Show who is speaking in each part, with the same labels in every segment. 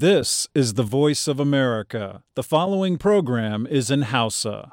Speaker 1: This is the voice of America. The following program is in Hausa.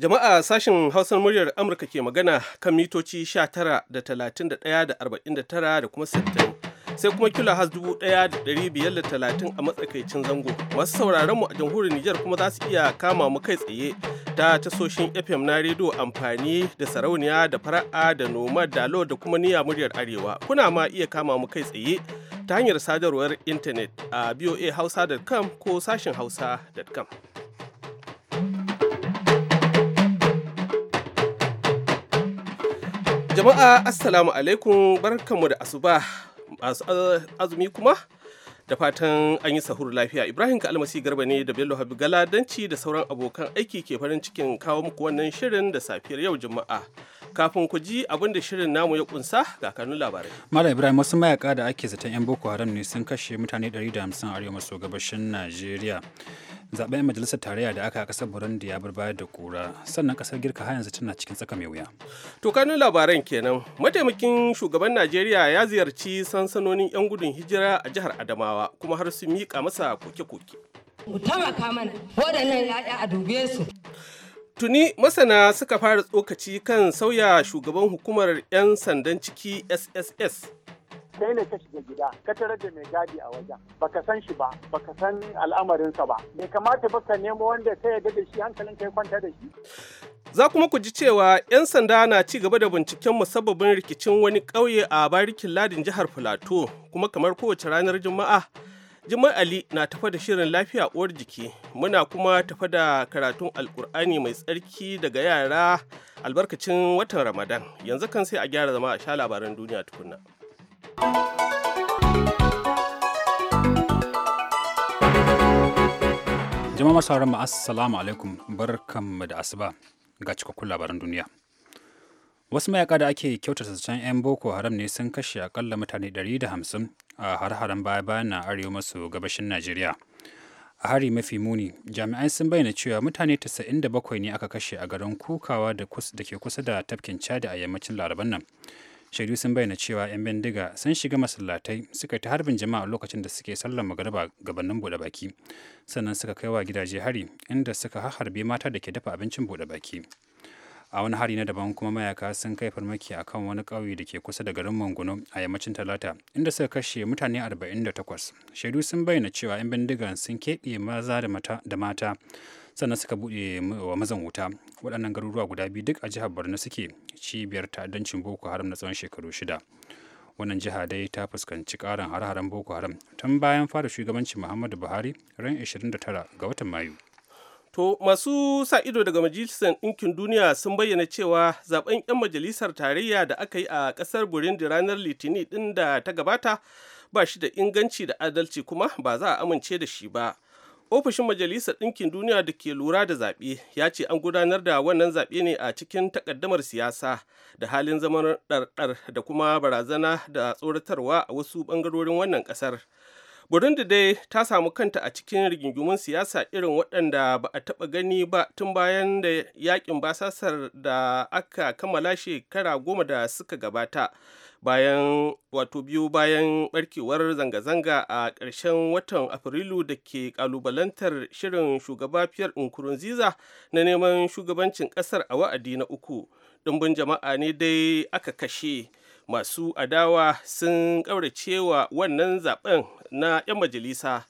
Speaker 2: Jama'a sashen Hausar muryar Amurka ke magana kan mitoci 19 da 31 da 49 da kuma 60. sai kuma kilo has talatin a matsakaicin zango masu sauraron mu a jamhuriyar Nijar kuma za su iya kama mu kai tsaye ta tasoshin FM na rediyo amfani da sarauniya da fara'a da noma da lo da kuma niya muryar arewa kuna ma iya kama mu kai tsaye ta hanyar sadarwar intanet a boahausa.com ko sashin hausa.com jama'a assalamu alaikum barkanmu da asuba masu uh, azumi kuma da fatan an yi sahur lafiya ibrahim ka almasi garba ne da bello habi galadanci da sauran abokan aiki ke farin cikin kawo muku wannan shirin da safiyar yau juma'a kafin ku ji abin da shirin namu ya kunsa ga kanun labarai
Speaker 3: malam ibrahim wasu mayaka da ake zaton yan boko haram ne sun kashe mutane 150 a arewa maso gabashin najeriya zaben majalisar tarayya da aka kasar burundi ya bar baya da kura sannan kasar girka har yanzu tana cikin tsaka mai wuya
Speaker 2: to kanun labaran kenan mataimakin shugaban najeriya ya ziyarci sansanonin yan gudun hijira a jihar adamawa kuma har su miƙa masa koke-koke tuni masana suka fara tsokaci kan sauya shugaban hukumar 'yan sandan ciki sss
Speaker 4: sai ne ta shiga gida ka tarar da mai gadi a wajen baka san shi ba baka san al'amarinsa ba bai kamata ba ka nemo wanda ka yarda da shi hankalin ka ya kwanta da shi
Speaker 2: Za kuma ku ji cewa 'yan sanda na ci gaba da binciken musabbabin rikicin wani ƙauye a barikin ladin jihar Filato kuma kamar kowace ranar Juma'a. Jimai Ali na tafa da shirin lafiya uwar jiki muna kuma tafa da karatun alkur'ani mai tsarki daga yara albarkacin watan Ramadan yanzu kan sai a gyara zama a sha labaran duniya tukunna.
Speaker 3: jama'a sauran mu assalamu alaikum barkanmu da asuba ga cikakkun labaran duniya wasu mayaka da ake kyautata can 'yan boko haram ne sun kashe akalla mutane 150 a har-haren baya-bayan na arewa maso gabashin najeriya a hari mafi muni jami'ai sun bayyana cewa mutane 97 ne aka kashe a garin kukawa da ke kusa da tafkin chad a yammacin laraban nan shaidu sun bayyana cewa 'yan bindiga sun shiga masallatai suka ta harbin jama'a lokacin da suke sallar magariba gabanin buɗe baki sannan suka kai wa gidaje hari inda suka harbe mata da ke dafa abincin buɗe baki a wani hari na daban kuma mayaka sun kai farmaki a kan wani kauye da ke kusa da garin mangono a yammacin talata inda suka kashe mutane 48 shaidu sun bayyana cewa 'yan bindigan sun keɓe maza da mata sannan suka buɗe wa mazan wuta waɗannan garuruwa guda biyu duk a jihar borno suke cibiyar ta'addancin boko haram na tsawon shekaru shida wannan jiha dai ta fuskanci ƙarin har-haren boko haram tun bayan fara shugabancin muhammadu buhari ran 29 ga watan mayu
Speaker 2: To masu sa ido daga Majalisar Ɗinkin Duniya sun bayyana cewa zaben 'yan majalisar tarayya da aka yi a ƙasar Burundi ranar Litinin ɗin da ta gabata ba shi da inganci da adalci kuma ba za a amince da shi ba. ofishin majalisar ɗinkin duniya da ke lura da zaɓe ya ce an gudanar da wannan zaɓe ne a cikin takaddamar siyasa da halin zaman ɗarɗar da kuma barazana da tsoratarwa a wasu ɓangarorin wannan ƙasar burundi dai ta samu kanta a cikin rigingimun siyasa irin waɗanda ba a taɓa gani ba tun bayan da yakin basasar da aka kammala shekara goma da suka gabata bayan wato biyu bayan barkewar zanga-zanga a ƙarshen watan afrilu da ke ƙalubalantar shirin shugaba fiyar nkurunziza na neman shugabancin ƙasar a wa'adi na uku ɗumbin jama'a ne dai aka kashe masu adawa sun ƙauracewa wannan zaben na 'yan majalisa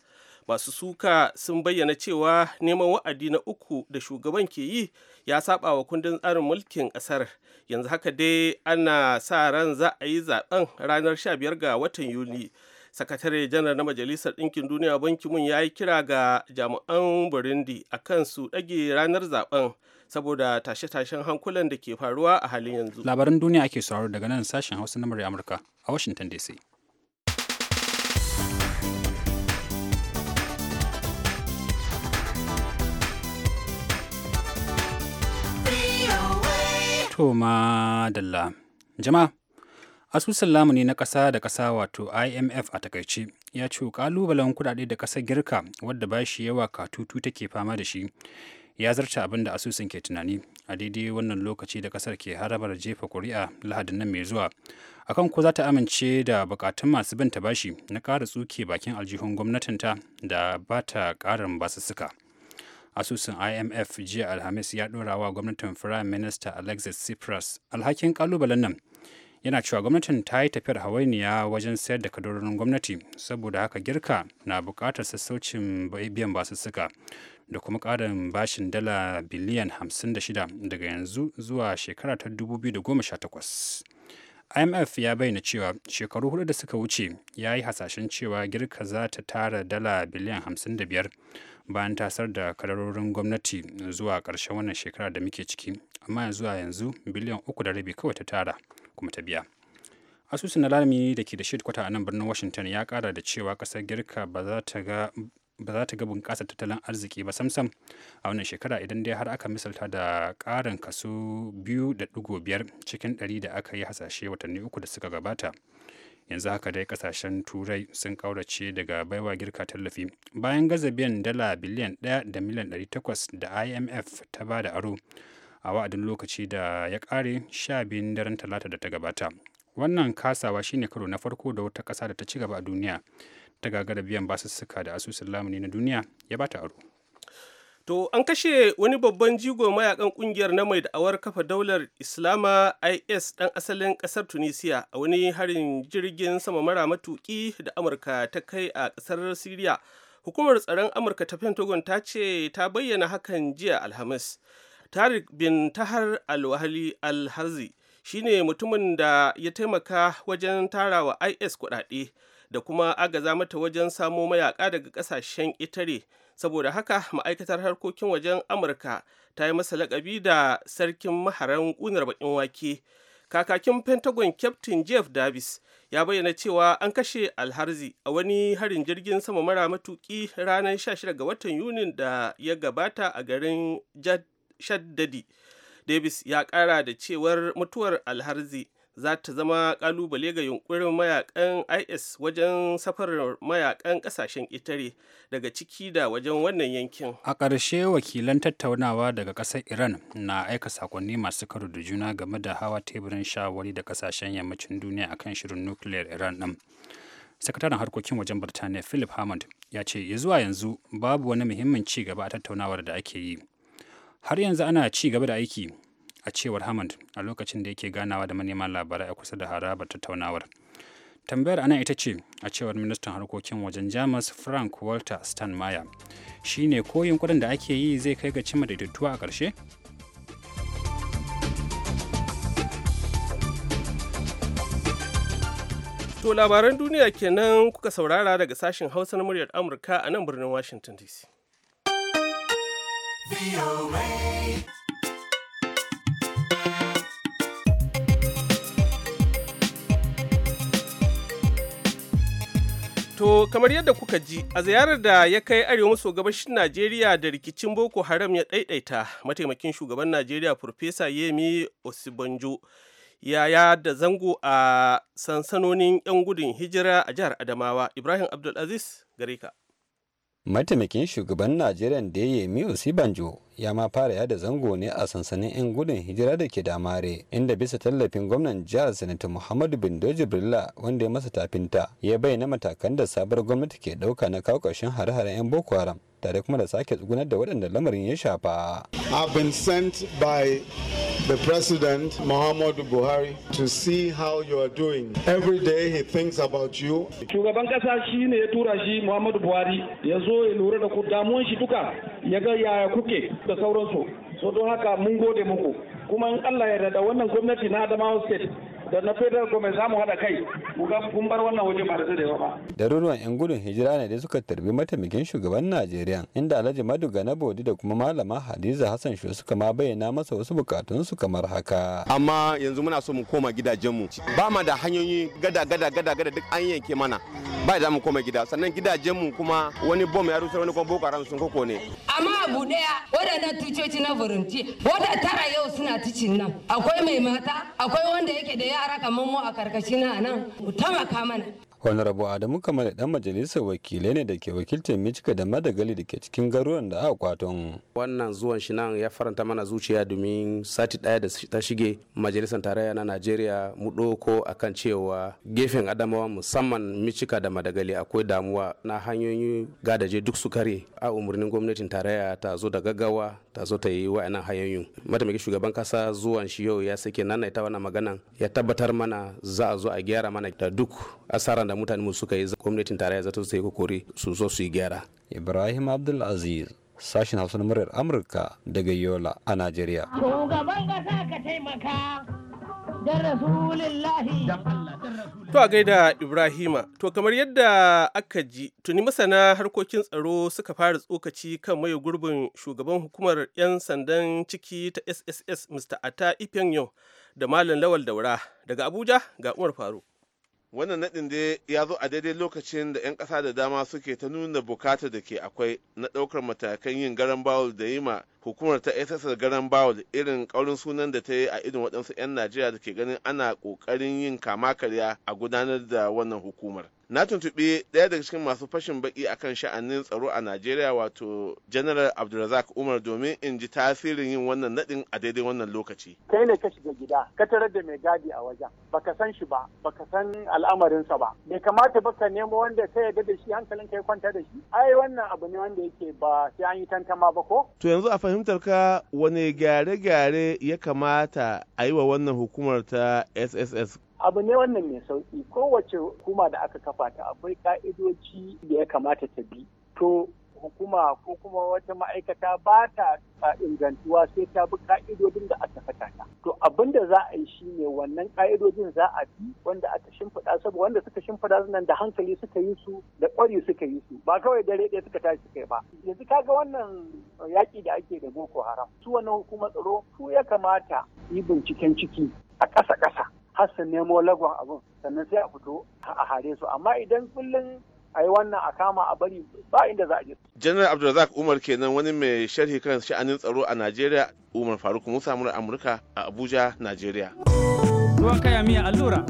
Speaker 2: masu suka sun bayyana cewa neman wa'adi na uku da shugaban ke yi ya saba wa kundin tsarin mulkin ƙasar yanzu haka dai ana sa ran za a yi zaben ranar 15 ga watan Yuli sakatare janar na majalisar ɗinkin duniya banki mun ya yi kira ga jami'an burundi a kan su ɗage ranar zaben saboda tashe-tashen hankulan da ke faruwa a halin
Speaker 3: yanzu. Labaran duniya ake sauraro daga nan sashen Hausa na murya Amurka a Washington DC. Toma Dalla. Jama'a, asusun lamuni na ƙasa da ƙasa wato IMF a takaice ya ce ƙalubalen kuɗaɗe da ƙasar Girka wadda ba shi yawa katutu take fama da shi ya zarce abin da asusun ke tunani a daidai wannan lokaci da kasar ke harabar jefa kuri'a lahadin nan mai zuwa akan ko za ta amince da bukatun masu binta bashi na ƙara tsuke bakin aljihun gwamnatinta da ba ta ƙarin basussuka asusun imf jiya alhamis ya ɗora wa gwamnatin firayim minista alexis tsipras alhakin kalubalen nan yana cewa gwamnatin ta yi tafiyar hawainiya wajen sayar da kaddarorin gwamnati saboda haka girka na bukatar sassaucin biyan basussuka da kuma ƙarin bashin dala biliyan 56 daga yanzu zuwa shekara ta 2018. IMF ya bayyana cewa shekaru hudu da suka wuce ya yi hasashen cewa girka za ta tara dala biliyan 55 bayan tasar da kadarorin gwamnati zuwa ƙarshen wannan shekara da muke ciki amma zuwa yanzu biliyan uku da rabi kawai ta tara kuma ta biya asusun alamini da ke da kwata a nan birnin washington ya kara da cewa ƙasar girka ba za ta ga ba za ta ga bunƙasa tattalin arziki ba samsam a wannan shekara idan dai har aka misalta da ƙarin kaso 2.5 cikin 100 da aka yi hasashe watanni uku da suka gabata yanzu haka dai ƙasashen turai sun ƙaurace daga baiwa girka tallafi bayan gaza biyan dala biliyan 1 da miliyan 800 da imf ta ba da aro a wa'adin lokaci da ya ƙare sha biyun daren talata da ta gabata wannan kasawa shine karo na farko da wata ƙasa da ta ci gaba a duniya ta gagara biyan basussuka da asusun lamuni na duniya ya bata aro
Speaker 2: to an kashe wani babban jigo mayakan kungiyar na mai da'awar kafa daular islama is ɗan asalin ƙasar tunisia a wani harin jirgin sama mara matuki da amurka ta kai a ƙasar siriya hukumar tsaron amurka ta pentagon ta ce ta bayyana hakan jiya alhamis tarik bin tahar alwahali alharzi shine mutumin da ya taimaka wajen tarawa is kuɗaɗe da kuma agaza mata wajen samo mayaka daga kasashen itare saboda haka ma'aikatar harkokin wajen amurka ta yi masa lakabi da sarkin maharan kunar bakin wake kakakin pentagon captain jeff davis ya bayyana cewa an kashe alharzi a wani harin jirgin sama mara matuki ranar 16 ga watan yunin da ya gabata a garin shaddadi davis ya kara da cewar mutuwar alharzi za ta zama kalubale ga yunkurin mayakan is wajen safarar mayakan kasashen itare daga ciki da wajen wannan yankin
Speaker 3: a ƙarshe wakilan tattaunawa daga ƙasar iran na aika sakonni masu karo da juna game da hawa teburin shawari da kasashen yammacin duniya akan shirin nukiliyar iran din sakataren harkokin wajen birtaniya philip hammond ya ce ya zuwa yanzu babu wani muhimmin ci gaba a tattaunawar da ake yi har yanzu ana ci gaba da aiki a cewar hammond a lokacin da yake ganawa da manema labarai a kusa da harabar tattaunawar tambayar ana ita ce a cewar ministan harkokin wajen jamus frank walter steinmeier ne ko kudin da ake yi zai kai ga cimma daidaituwa a ƙarshe To labaran duniya kenan
Speaker 2: kuka saurara daga sashen Hausa na muryar Amurka a nan birnin Washington DC. To kamar yadda kuka ji a ziyarar da ya kai arewa maso gabashin Najeriya da rikicin Boko Haram ya ɗaiɗaita mataimakin shugaban Najeriya Profesa Yemi Osibanjo ya yada zango a sansanonin 'yan gudun hijira a jihar Adamawa Ibrahim Abdulaziz Gareka.
Speaker 3: Mataimakin shugaban Najeriya da Yemi Osibanjo ya ma fara yada zango ne a sansanin 'yan gudun hijira da ke damare inda bisa tallafin gwamnan jihar sanata muhammadu doji jibrila wanda ya masa tafinta ya bayyana matakan da sabar gwamnati ke ɗauka na kawo ƙarshen hare-haren 'yan boko haram tare kuma da sake tsugunar da waɗanda lamarin ya shafa. I've been sent by the President Muhammadu
Speaker 2: Buhari to see how you are doing. Every day he thinks about you. Shugaban
Speaker 4: kasa shi ne ya tura shi Muhammadu Buhari ya zo ya lura da ku damuwan shi duka ya ga yaya kuke da sauransu. So don haka mun gode muku. kuma in Allah ya da wannan gwamnati na Adamawa State da na federal government za mu haɗa kai mu ga kun bar wannan waje ba da yawa ba.
Speaker 3: Daruruwan 'yan gudun hijira ne da suka tarbi mataimakin shugaban Najeriya inda Alhaji Maduga na Bodi da kuma Malama Hadiza Hassan Shu suka ma bayyana masa wasu bukatunsu kamar haka. Amma
Speaker 2: yanzu muna so mu koma gidajenmu ba ma da hanyoyi gada gada gada gada duk an yanke mana ba da mu koma gida sannan gidajenmu kuma wani bom ya rusar wani kuma boko haram sun koko ne.
Speaker 1: Amma abu daya waɗannan tucoci na volunteer wadda tara yau suna ticin nan akwai mai mata akwai wanda yake da yara kamar mu a karkashi na nan mu tamaka mana
Speaker 3: honorable adamu kamar dan majalisar wakilai ne da ke wakiltar michika da madagali da ke cikin garuruwan da aka kwaton
Speaker 2: wannan zuwan shi nan ya faranta mana zuciya domin sati daya da ta shige majalisar tarayya na najeriya mu a kan cewa gefen adamawa musamman michika da madagali akwai damuwa na hanyoyi gadaje duk su kare a umarnin gwamnatin tarayya ta zo da gaggawa ta zo ta yi wa'annan hanyoyin mataimakin shugaban kasa zuwan shi yau ya sake nanaita wannan maganan ya tabbatar mana za a zo a gyara mana da duk asaran da da mutane suka yi
Speaker 3: gwamnatin tarayya za su yi kokori su zo su yi gyara ibrahim abdulaziz sashen hausa na muryar amurka daga yola a najeriya
Speaker 1: shugaban kasa ka taimaka
Speaker 2: To a gaida Ibrahima, to kamar yadda aka ji tuni masana harkokin tsaro suka fara tsokaci kan mai gurbin shugaban hukumar 'yan sandan ciki ta SSS Mr. Ata Ifeanyo da Malam Lawal Daura daga Abuja ga Umar Faruk. wannan naɗin dai ya zo a daidai lokacin da 'yan ƙasa da dama suke ta nuna bukatar da ke akwai na ɗaukar matakan yin garan bawul da yi ma hukumar ta ss garan bawul irin kaurin sunan da ta yi a irin waɗansu 'yan najeriya da ke ganin ana ƙoƙarin yin kama karya a gudanar da wannan hukumar na tuntuɓi ɗaya daga cikin masu fashin baki akan sha'anin tsaro a najeriya wato general abdulrazak umar domin in ji tasirin yin wannan naɗin a daidai wannan lokaci
Speaker 4: kai ne ka shiga gida ka tarar da mai gadi a wajen baka san shi ba baka san al'amarinsa ba bai kamata ba ka nemo wanda ka yarda da shi hankalin ka ya kwanta da shi ai wannan abu ne wanda yake ba sai an yi tantama ba ko
Speaker 2: to yanzu a fahimtar ka wani gyare-gyare ya kamata a yi wa wannan hukumar ta sss
Speaker 4: abu ne wannan mai sauki kowace hukuma da aka kafa ta akwai ka'idoci da ya kamata ta bi to hukuma ko kuma wata ma'aikata ba ta ingantuwa sai ta bi ka'idodin da aka fata ta to abin da za a yi shi ne wannan ka'idojin za a bi wanda aka shimfiɗa saboda wanda suka shimfiɗa nan da hankali suka yi su da ƙwari suka yi su ba kawai dare ɗaya suka tashi suka ba yanzu kaga wannan yaƙi da ake da boko haram su wannan hukumar tsaro su ya kamata yi binciken ciki a ƙasa ƙasa har su nemo lagon abin sannan sai a fito a hare su amma idan kullum a yi wannan a kama a bari ba inda za a je.
Speaker 2: general abdulrazak umar kenan wani mai sharhi kan sha'anin tsaro a najeriya umar faruk musa mura amurka a abuja najeriya. ruwan kaya miya allura.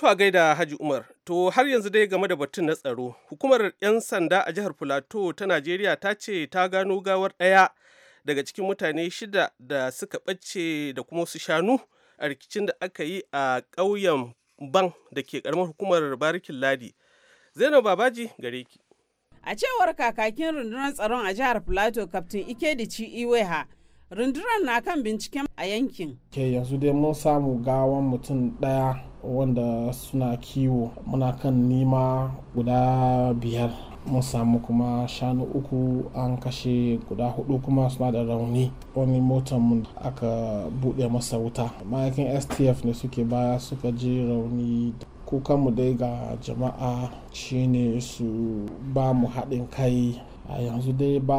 Speaker 2: To a gaida Haji Umar, to har yanzu dai game da batun na tsaro, hukumar 'yan sanda a jihar Plateau ta Najeriya ta ce ta gano gawar ɗaya daga cikin mutane shida da suka ɓace da kuma su shanu a rikicin da aka yi a ƙauyen ban da ke karamar hukumar barikin ladi zainab babaji gare ki
Speaker 1: a cewar kakakin rundunar tsaron a jihar plateau kaftin ikedici iweha rundunar na kan binciken a yankin
Speaker 2: ke yanzu dai mun samu gawan mutum daya wanda suna kiwo muna kan nima guda biyar mun samu kuma shanu uku an kashe guda hudu kuma suna da rauni wani motar mun aka buɗe masa wuta ma'aikin stf ne suke baya suka ji rauni kukanmu dai ga jama'a shine su ba mu haɗin kai a yanzu dai ba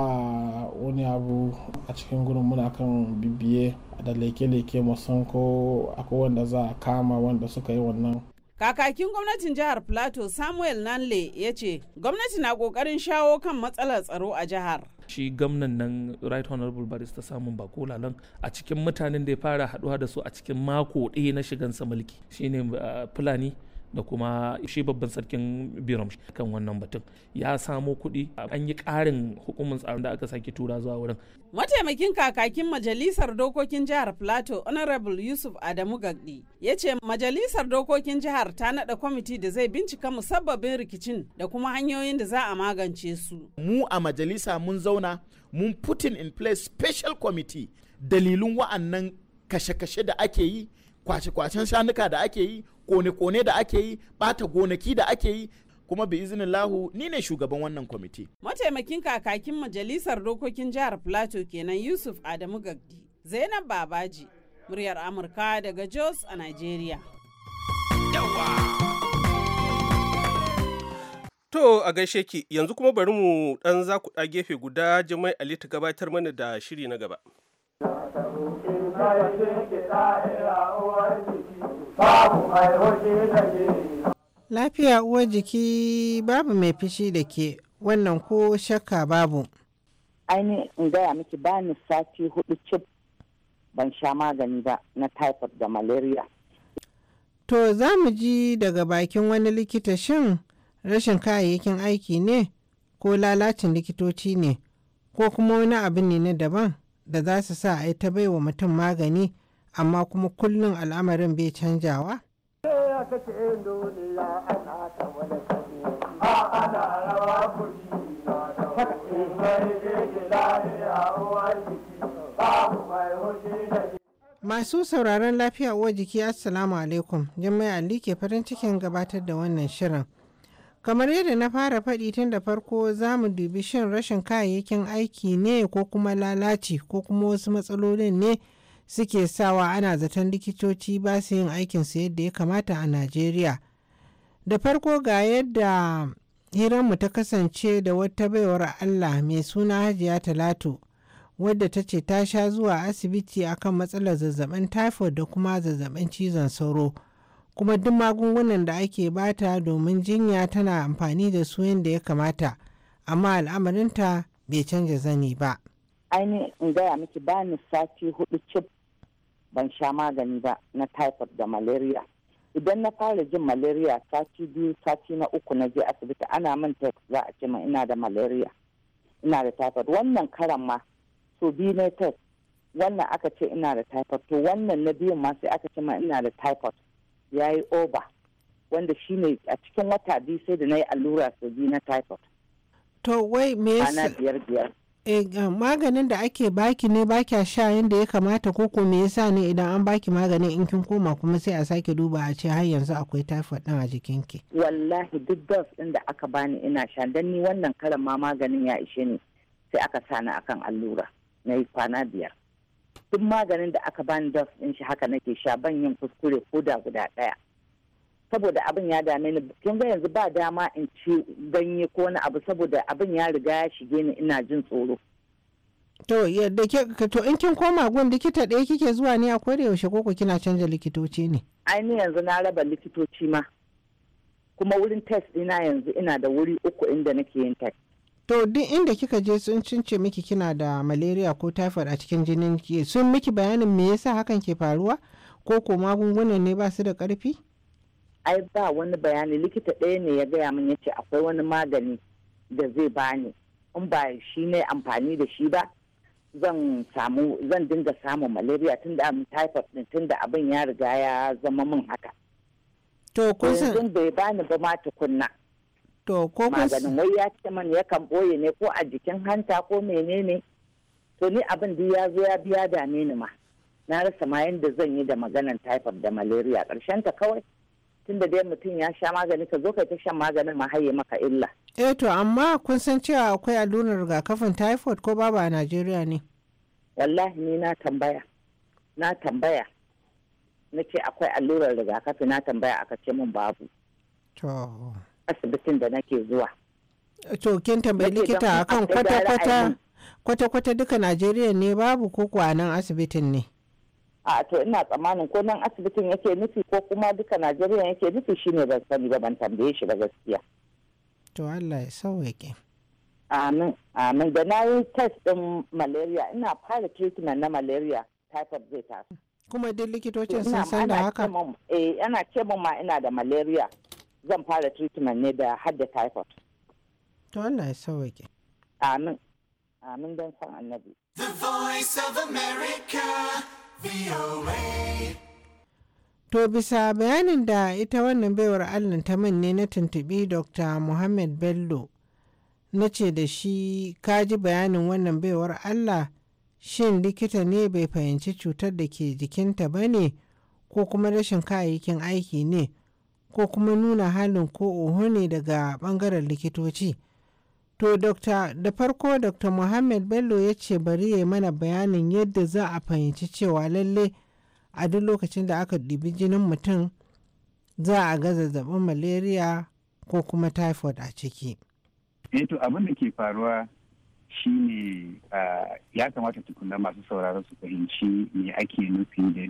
Speaker 2: wani abu a cikin gurin muna kan bibiye da leke-leke musan ko akwai wanda za a kama wanda suka yi wannan
Speaker 1: Kakakin gwamnatin jihar Plateau Samuel Nanle ya ce, gwamnati na kokarin shawo kan matsalar tsaro a jihar. Shi gwamnan nan Right Honorable Barista Samun Bako Lalon a cikin
Speaker 2: mutanen da ya fara haduwa da su a cikin mako ɗaya na shigansa mulki shine ah, Fulani. da kuma shi babban sarkin biram kan wannan batun ya samo kuɗi an yi ƙarin hukumin tsaron da aka sake tura zuwa wurin
Speaker 1: mataimakin kakakin majalisar dokokin jihar plateau honorable yusuf adamu gagdi ya ce majalisar dokokin jihar ta naɗa kwamiti da zai bincika musabbabin rikicin da kuma hanyoyin da za a magance su mu
Speaker 4: a majalisa mun zauna mun putin in place special committee dalilin wa'annan kashe-kashe da ake yi kwace-kwacen shanuka da ake yi kone-kone da ake yi bata gonaki da ake yi kuma bi izinin lahu ni ne shugaban wannan kwamiti.
Speaker 1: mataimakin kakakin majalisar dokokin jihar plateau kenan yusuf adamu gagdi zainab babaji muryar amurka daga jos a nigeria.
Speaker 2: To a gaishe ki yanzu kuma bari mu ɗan za ku ɗa gefe guda jimai Ali ta gabatar mana da shiri na gaba.
Speaker 5: Lafiya uwar jiki babu mai fishi da ke wannan ko shakka babu.
Speaker 6: Aini in gaya miki bani sati hudu cif ban sha magani ba na typhoid da malaria.
Speaker 5: To za mu ji daga bakin wani likita shin rashin kayayyakin aiki ne ko lalacin likitoci ne ko kuma wani abu ne na daban da za su sa a ta baiwa mutum magani amma kuma kullum al'amarin bai canjawa? Masu sauraron lafiya uwa jiki Assalamu alaikum, Jummai Ali ke farin cikin gabatar da wannan shirin. Kamar yadda na fara faɗi tun da farko za mu dubi shin rashin kayayyakin aiki ne ko kuma lalaci ko kuma wasu matsalolin ne suke sawa ana zaton likitoci ba su yin aikinsu yadda ya kamata a najeriya da farko ga yadda hiranmu ta kasance da wata baiwar allah mai suna hajiya talatu wadda ta ce ta sha zuwa asibiti akan matsalar zazzabin typhoid da kuma zazzabin cizon sauro kuma duk magungunan da ake bata domin jinya tana amfani da su yadda ya kamata amma al'amarinta bai canza zani ba.
Speaker 6: ainihin in gaya miki bani sati hudu cip ban sha magani ba na typhoid da malaria idan na fara jin malaria sati biyu sati na uku na je asibiti ana min text za a ce ma ina da malaria ina da typhoid wannan karan ma to biyu na text wannan aka ce ina da typhoid to wannan na biyun ma sai aka ce ma ina da typhoid ya yi over wanda shi ne a cikin wata biyu sai da na yi allura sau biyu na typhoid to wai me yasa biyar biyar
Speaker 5: Eh, maganin da ake baki ne baki sha yadda ya kamata ko ko me yasa ne idan an baki maganin in kin koma kuma sai a sake duba a ce har yanzu akwai typhoid din a ki.
Speaker 6: wallahi duk dos ɗin da aka bani ina sha dan ni wannan karan ma maganin ya ishe ni sai aka sa sani akan allura na yi kwana biyar duk maganin da aka bani dos ɗin shi haka nake sha ban yin kuskure ko da guda ɗaya. saboda abin ya dame ni kin ga yanzu ba dama in ci ganye ko wani abu saboda abin ya riga ya shige ni ina jin tsoro
Speaker 5: to yadda ke to in kin koma gun likita ɗaya kike zuwa ne a koda yaushe ko ku kina canja likitoci ne
Speaker 6: ai ni yanzu na raba likitoci ma kuma wurin test dina yanzu ina da wuri uku inda nake yin test to duk
Speaker 5: inda kika je sun cince miki kina da malaria ko typhoid a cikin jinin ki sun miki bayanin me yasa hakan ke faruwa ko ko magungunan ne ba su da karfi
Speaker 6: ai ba wani bayani likita ɗaya ne ya gaya min yace akwai wani magani da zai bani in ba shi ne amfani da shi ba zan samu zan dinga samun malaria tun da typhoid din tun da abin ya riga ya zama min haka
Speaker 5: to kun
Speaker 6: bai bani ba ma tukunna
Speaker 5: to ko maganin wai
Speaker 6: ya ce man kan boye ne ko a jikin hanta ko menene to ni abin da ya zo ya biya da ni ma na rasa ma yanda zan yi da maganan typhoid da malaria karshen ta kawai tunda dai mutum ya sha magani ka zo ka ta shan maganin ma haye maka illa
Speaker 5: eh to amma kun san cewa akwai allurar rigakafin typhoid ko babu a Najeriya ne
Speaker 6: wallahi ni na tambaya na tambaya na ce akwai allurar rigakafi na tambaya aka ce min babu to asibitin da nake zuwa
Speaker 5: to kin tambayi likita akan kwata-kwata kwata-kwata duka Najeriya ne babu ko kuwa nan asibitin ne
Speaker 6: a to ina tsammanin ko nan asibitin yake nufi ko kuma duka najeriya yake nufi shine ban sani ba ban tambaye shi ba gaskiya
Speaker 5: to allah ya sauwaƙe
Speaker 6: amin amin da na yi test din malaria ina fara treatment na malaria typhoid zai taso kuma dai likitocin sun san da haka eh ana ce ma ina da malaria zan fara treatment ne da hadda typhoid
Speaker 5: to allah ya sauwaƙe
Speaker 6: amin amin don san annabi the voice of america
Speaker 5: To bisa bayanin da ita wannan baiwar Allah ta manne na tuntuɓi Dr. Muhammad Bello na ce da shi kaji bayanin wannan baiwar Allah shin likita ne bai fahimci cutar da ke jikinta ba ne ko kuma rashin kayayyakin aiki ne ko kuma nuna halin ko oho ne daga ɓangaren likitoci. To, dokta da farko Dr. Muhammad Bello ya ce bari ya mana bayanin yadda za a fahimci cewa lalle a duk lokacin da aka dibi jinin mutum za a ga zazzabin malaria ko kuma typhoid a ciki.
Speaker 7: Eh to abin da ke faruwa shi ne ya kamata tukuna masu sauraron su fahimci me ake nufi da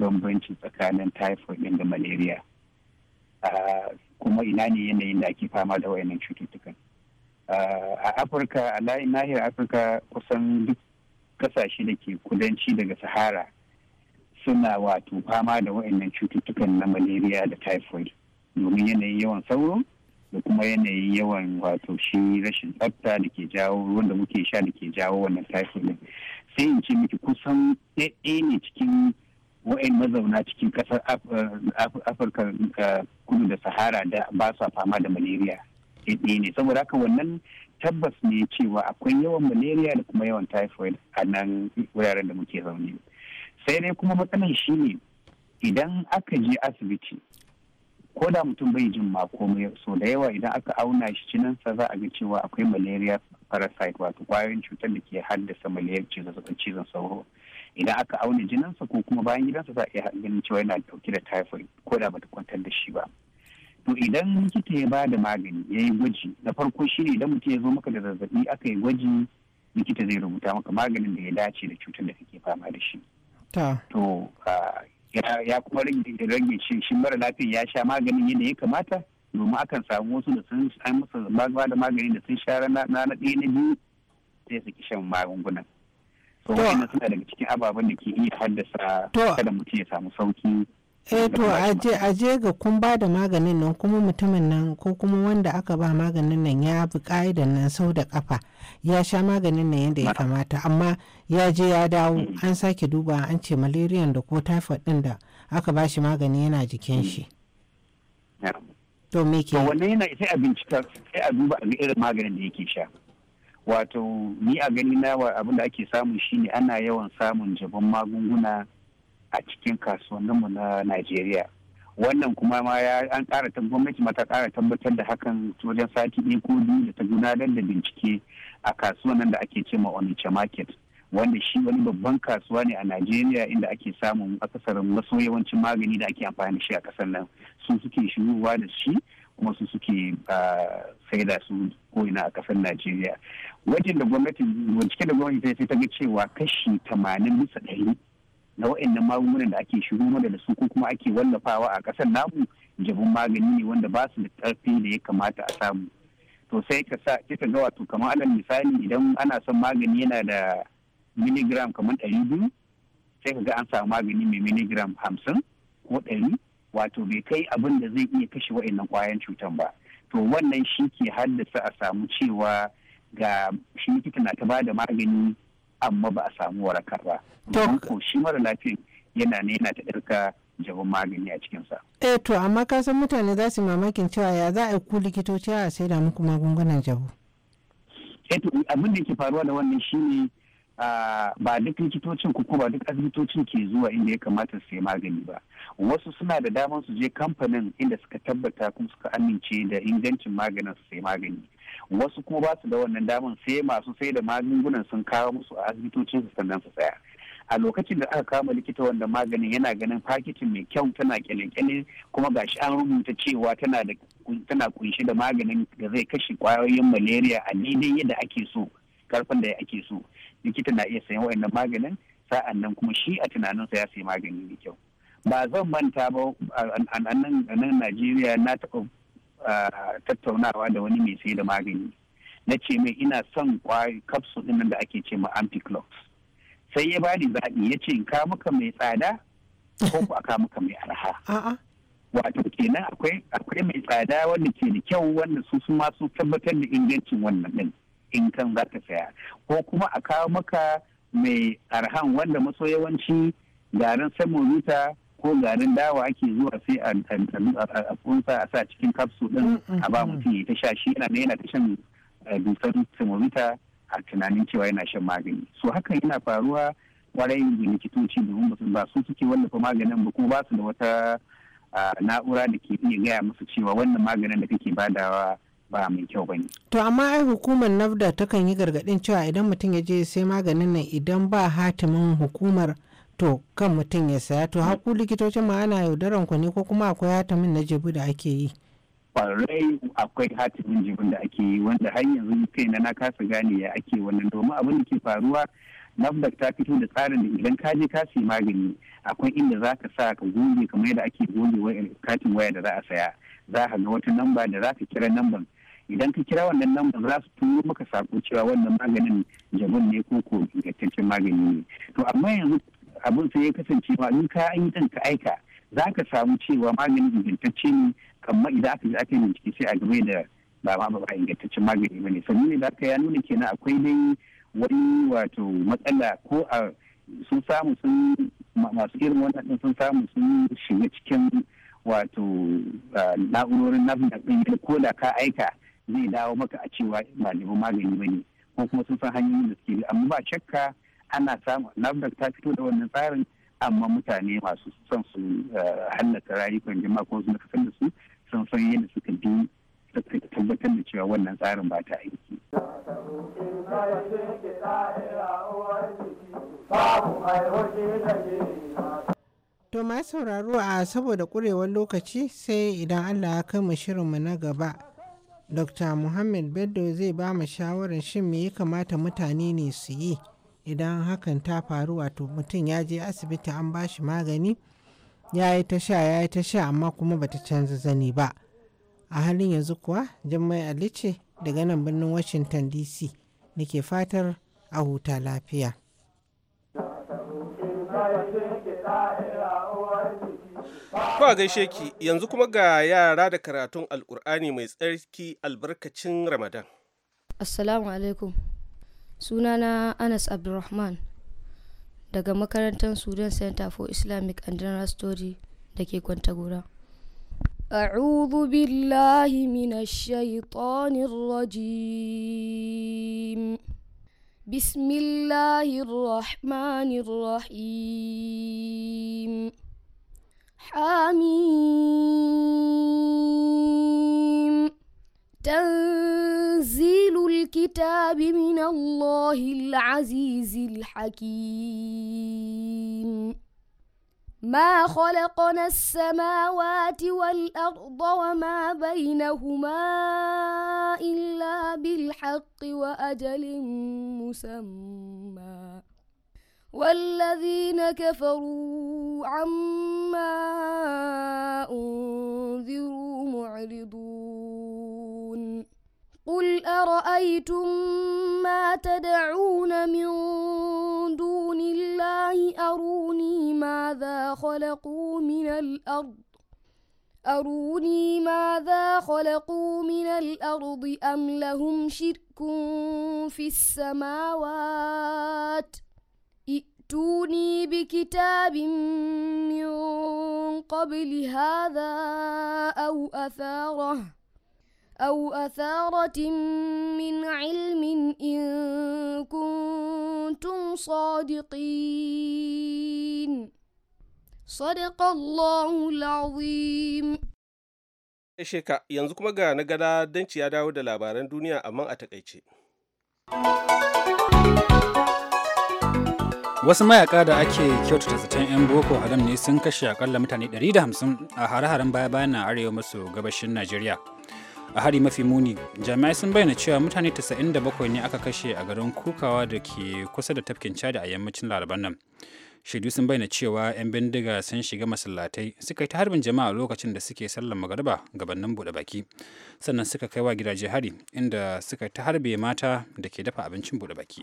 Speaker 7: bambanci tsakanin typhoid ɗin da malaria. kuma ina ne yanayin da ake fama da wayannan cututtukan. a afirka a nahiyar afirka kusan duk kasashe da ke kudanci daga sahara suna wato fama da wa'annan cututtukan na malaria da typhoid domin yanayin yawan sauro da kuma yanayin yawan wato shi rashin tsafta da ke jawo wanda muke sha da ke jawo wannan typhoid sai in ce miki kusan ɗaya ne cikin wa'in mazauna cikin kasar afirka kudu da sahara da ba sa fama da malaria ɗaya ne saboda haka wannan tabbas ne cewa akwai yawan malaria da kuma yawan typhoid a nan wuraren da muke zaune sai dai kuma matsalar shi ne idan aka je asibiti ko da mutum bai jin ma komai so da yawa idan aka auna shi cinansa za a ga cewa akwai malaria parasite wato kwayoyin cutar da ke haddasa malaria cizon sauro idan aka auna jinansa ko kuma bayan gidansa za a iya ganin cewa yana dauke da typhoid ko da bata kwantar da shi ba to idan likita ya ba da magani ya yi gwaji na farko shi ne idan mutum ya zo maka da zazzabi aka yi gwaji likita zai rubuta maka maganin da ya dace da cutar da kake fama da shi
Speaker 5: to
Speaker 7: ya kuma rage shi shi mara lafiya ya sha maganin yadda ya kamata domin akan samu wasu da sun an musu ba da magani da sun sha rana na ɗaya na biyu sai su ki shan magungunan so wannan suna daga cikin ababen da ke iya haddasa kada mutum ya samu sauki
Speaker 5: eh to aje aje ga kun ba da maganin nan kuma mutumin nan ko kuma wanda aka ba maganin nan ya bi ka'idan nan sau da kafa ya sha maganin nan yadda ya kamata amma ya je ya dawo an sake duba an ce malariyan da ko typhoid din da aka ba shi magani yana jikin mm. shi
Speaker 7: to yana sai a bincika sai a duba a irin maganin da yake sha wato ni a ganina na abin da ake samu shine ana yawan samun jabon magunguna a cikin kasuwanninmu na Najeriya. Wannan kuma ma ya an ƙara gwamnati ma ta ƙara tabbatar da hakan wajen sati ɗaya ko biyu da ta gudanar da bincike a kasuwan nan da ake ce ma Onitsha Market. Wanda shi wani babban kasuwa ne a Najeriya inda ake samun akasarin maso yawancin magani da ake amfani da shi a ƙasar nan. Su suke shigowa da shi kuma su suke saida su ko'ina a kasar Najeriya. Wajen da gwamnati, bincike da gwamnati ta ga cewa kashi tamanin bisa ɗari na wa'annan magungunan da ake shigo mana da su ko kuma ake wallafawa a ƙasar namu jabin magani ne wanda ba su da ƙarfi da ya kamata a samu to sai ka sa kika ga wato kamar alal misali idan ana son magani yana da miligram kamar ɗari biyu sai ka ga an samu magani mai miligram hamsin ko ɗari wato bai kai abin da zai iya kashe wa'annan ƙwayan cutan ba to wannan shi ke haddasa a samu cewa ga shi likita na ta bada magani amma ba a samu warakar ba. To shi mara lafiyan yana ne yana ta ɗarka jabin magani a cikinsa.
Speaker 5: Eh to amma ka san mutane za su mamakin cewa ya za a ku likitoci a sai da muku magungunan jabo. Eh to
Speaker 7: abin da ke faruwa da wannan shi ne ba duk likitocin ko ba duk asibitocin ke zuwa inda ya kamata su yi magani ba. Wasu suna da damar su je kamfanin inda suka tabbata kuma suka amince da ingancin maganin su sai magani. wasu kuma ba su da wannan daman sai masu sai da magungunan sun kawo musu a asibitocin su sannan su tsaya a lokacin da aka kama likita wanda maganin yana ganin fakitin mai kyau tana kyale-kyale kuma shi an rubuta cewa tana da tana kunshi da maganin da zai kashe kwayoyin malaria a daidai yadda ake so karfin da ake so likita na iya sayan wayannan maganin sa'an nan kuma shi a tunaninsa ya sayi magani mai kyau ba zan manta ba a nan Najeriya na taɓa tattaunawa da wani mai sai da magani na ce mai ina son kwari capsule ɗin da ake ce ma anticlox sai ya bani zaɓi ya ce ka muka mai tsada ko ba ka muka mai arha wato kenan akwai mai tsada wanda ke da kyau wanda su su ma su tabbatar da ingancin wannan ɗin in kan za ka saya ko kuma a kawo maka mai arhan wanda maso yawanci garin samun ruta ko garin dawa ake zuwa sai a kunsa a sa cikin kapsu din mm, mm, a ba mm. mutum ya ta sha shi yana yana ta shan eh, dusar thermometer a tunanin cewa yana shan magani so hakan yana faruwa kwarai da likitoci domin ba su suke wallafa maganin ba ko ba su da wata na'ura da ke iya gaya musu cewa wannan maganin da kake badawa ba mai kyau bane.
Speaker 5: To amma ai hukumar NAFDA takan yi gargadin cewa idan mutum ya je sai maganin nan idan ba hatimin hukumar to kan mutum ya saya to haku likitocin ma ana yaudaran ku ne ko kuma akwai hatamin na jibi da ake yi
Speaker 7: kwarai akwai hatimin jibin da ake yi wanda har yanzu kai na kasa gane ya ake wannan domin abin da ke faruwa nafdak ta fito da tsarin da idan ka je ka sai magani akwai inda za ka sa ka goge kamar yadda ake goge katin waya da za a saya za ka ga wata namba da za ka kira namban idan ka kira wannan namba za su turo maka sako cewa wannan maganin jabin ne ko ko ingantaccen magani ne to amma yanzu abin sai ya kasance ma in ka yi ɗin ka aika za ka samu cewa maganin ingantacce ne kamar idan aka yi aka bincike sai a game da ba ma ba ingantaccen magani ba ne sannan ne za ka ya nuna kenan akwai dai wani wato matsala ko a sun samu sun masu irin wannan sun samu sun shiga cikin wato na'urorin nafin ɗin ko da ka aika zai dawo maka a cewa ba magani ba ne ko kuma sun san hanyoyin da suke amma ba shakka ana samu da ta fito da wannan tsarin amma mutane masu son su eh, hallaka rayukan jama'a ko su nakasar da su sun san yadda suka bi tabbatar da cewa wannan tsarin ba ta aiki.
Speaker 5: To ma sauraro a saboda kurewar lokaci sai idan Allah ya kai mu shirinmu na gaba. Dr. Muhammad beddo zai ba mu shawarar shin me ya kamata mutane ne su yi. idan hakan ta faru wato mutum ya je asibiti an bashi magani ya yi ta sha ya yi ta sha amma kuma bata canza zani ba a halin yanzu kuwa jimmai alice ce daga nan birnin washington dc nake fatar a huta lafiya
Speaker 2: Kwa gaishe ki yanzu kuma ga yara da karatun alkur'ani mai tsarki albarkacin ramadan
Speaker 8: assalamu alaikum sunana anas abdulrahman daga makarantar sudan center for islamic and general story da ke kwantagora أعوذ بالله من الشيطان الرجيم بسم الله الرحمن الرحيم حميم تنزيل الكتاب من الله العزيز الحكيم ما خلقنا السماوات والأرض وما بينهما إلا بالحق وأجل مسمى والذين كفروا عما أنذروا معرضون قل أرأيتم ما تدعون من دون الله أروني ماذا خلقوا من الأرض أروني ماذا خلقوا من الأرض أم لهم شرك في السماوات ۖ ائتوني بكتاب من قبل هذا أو أثارة أو أثارة من علم إن كنتم صادقين صدق الله العظيم
Speaker 2: Sheka yanzu kuma ga na gada don ya dawo da labaran duniya
Speaker 3: wasu mayaka da ake kyautata zaton 'yan boko haram ne sun kashe akalla mutane 150 a hare-haren baya-bayan na arewa maso gabashin najeriya a hari mafi muni jami'ai sun bayyana cewa mutane 97 ne aka kashe a garin kukawa da ke kusa da tafkin chad a yammacin laraban nan shaidu sun bayyana cewa 'yan bindiga sun shiga masallatai suka yi ta harbin jama'a lokacin da suke sallar magariba gabanin buɗe baki sannan suka kai wa gidaje hari inda suka ta harbe mata da ke dafa abincin buɗe baki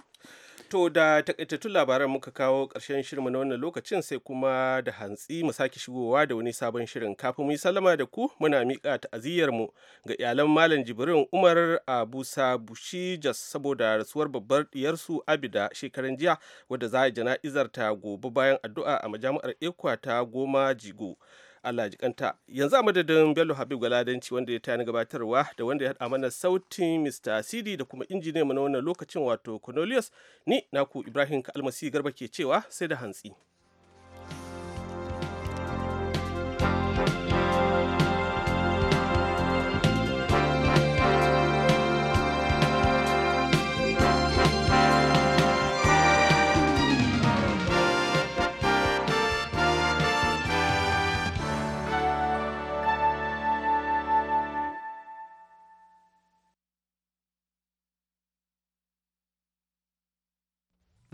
Speaker 2: To da takaitattun labaran muka kawo ƙarshen shirinmu na wannan lokacin sai kuma da hantsi mu sake shigowa da wani sabon shirin kafin mu yi sallama da ku muna miƙa ta'aziyyar mu ga iyalan Malam Jibrin Umar Abusa Bushi Jas saboda rasuwar babbar diyarsu Abida shekaran jiya wadda za a jana'izar ta gobe bayan addu'a a majami'ar Ekwa ta Goma Jigo. Allah ji kanta yanzu a madadin Bello Habib Galadanci wanda ya tani gabatarwa da wanda ya haɗa mana sautin Mr. Sidi da kuma injiniya na wannan lokacin wato Cornelius ni naku Ibrahim Almasi Garba ke cewa sai da hantsi.